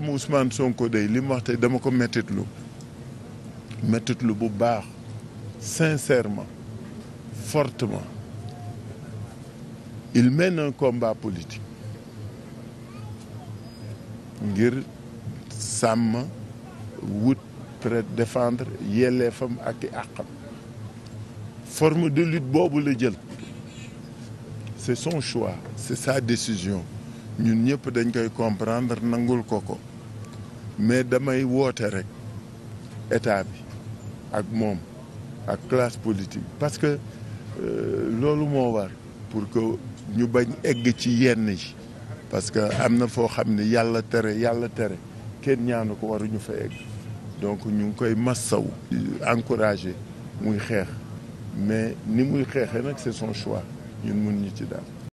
problème Ousmane Sonko dama ko mettitlu mettitlu bu baax sincèrement fortement il mène un combat politique ngir sàmm wut prêt défendre yelleefam ak i àqam forme de lutte boobu la jël c'est son choix c'est sa décision ñun ñëpp dañ koy comprendre nangul ko ko mais damay woote rek état bi ak moom ak classe politique parce que euh, loolu moo war pour que ñu bañ egg ci yenn yi parce que am na foo xam ni yàlla tere yàlla tere kenn ñaanu ko waruñu fa egg donc ñu ngi koy massaw encouragé muy xeex mais ni muy xeexee nag c'est son choix ñun mun ñu ci daal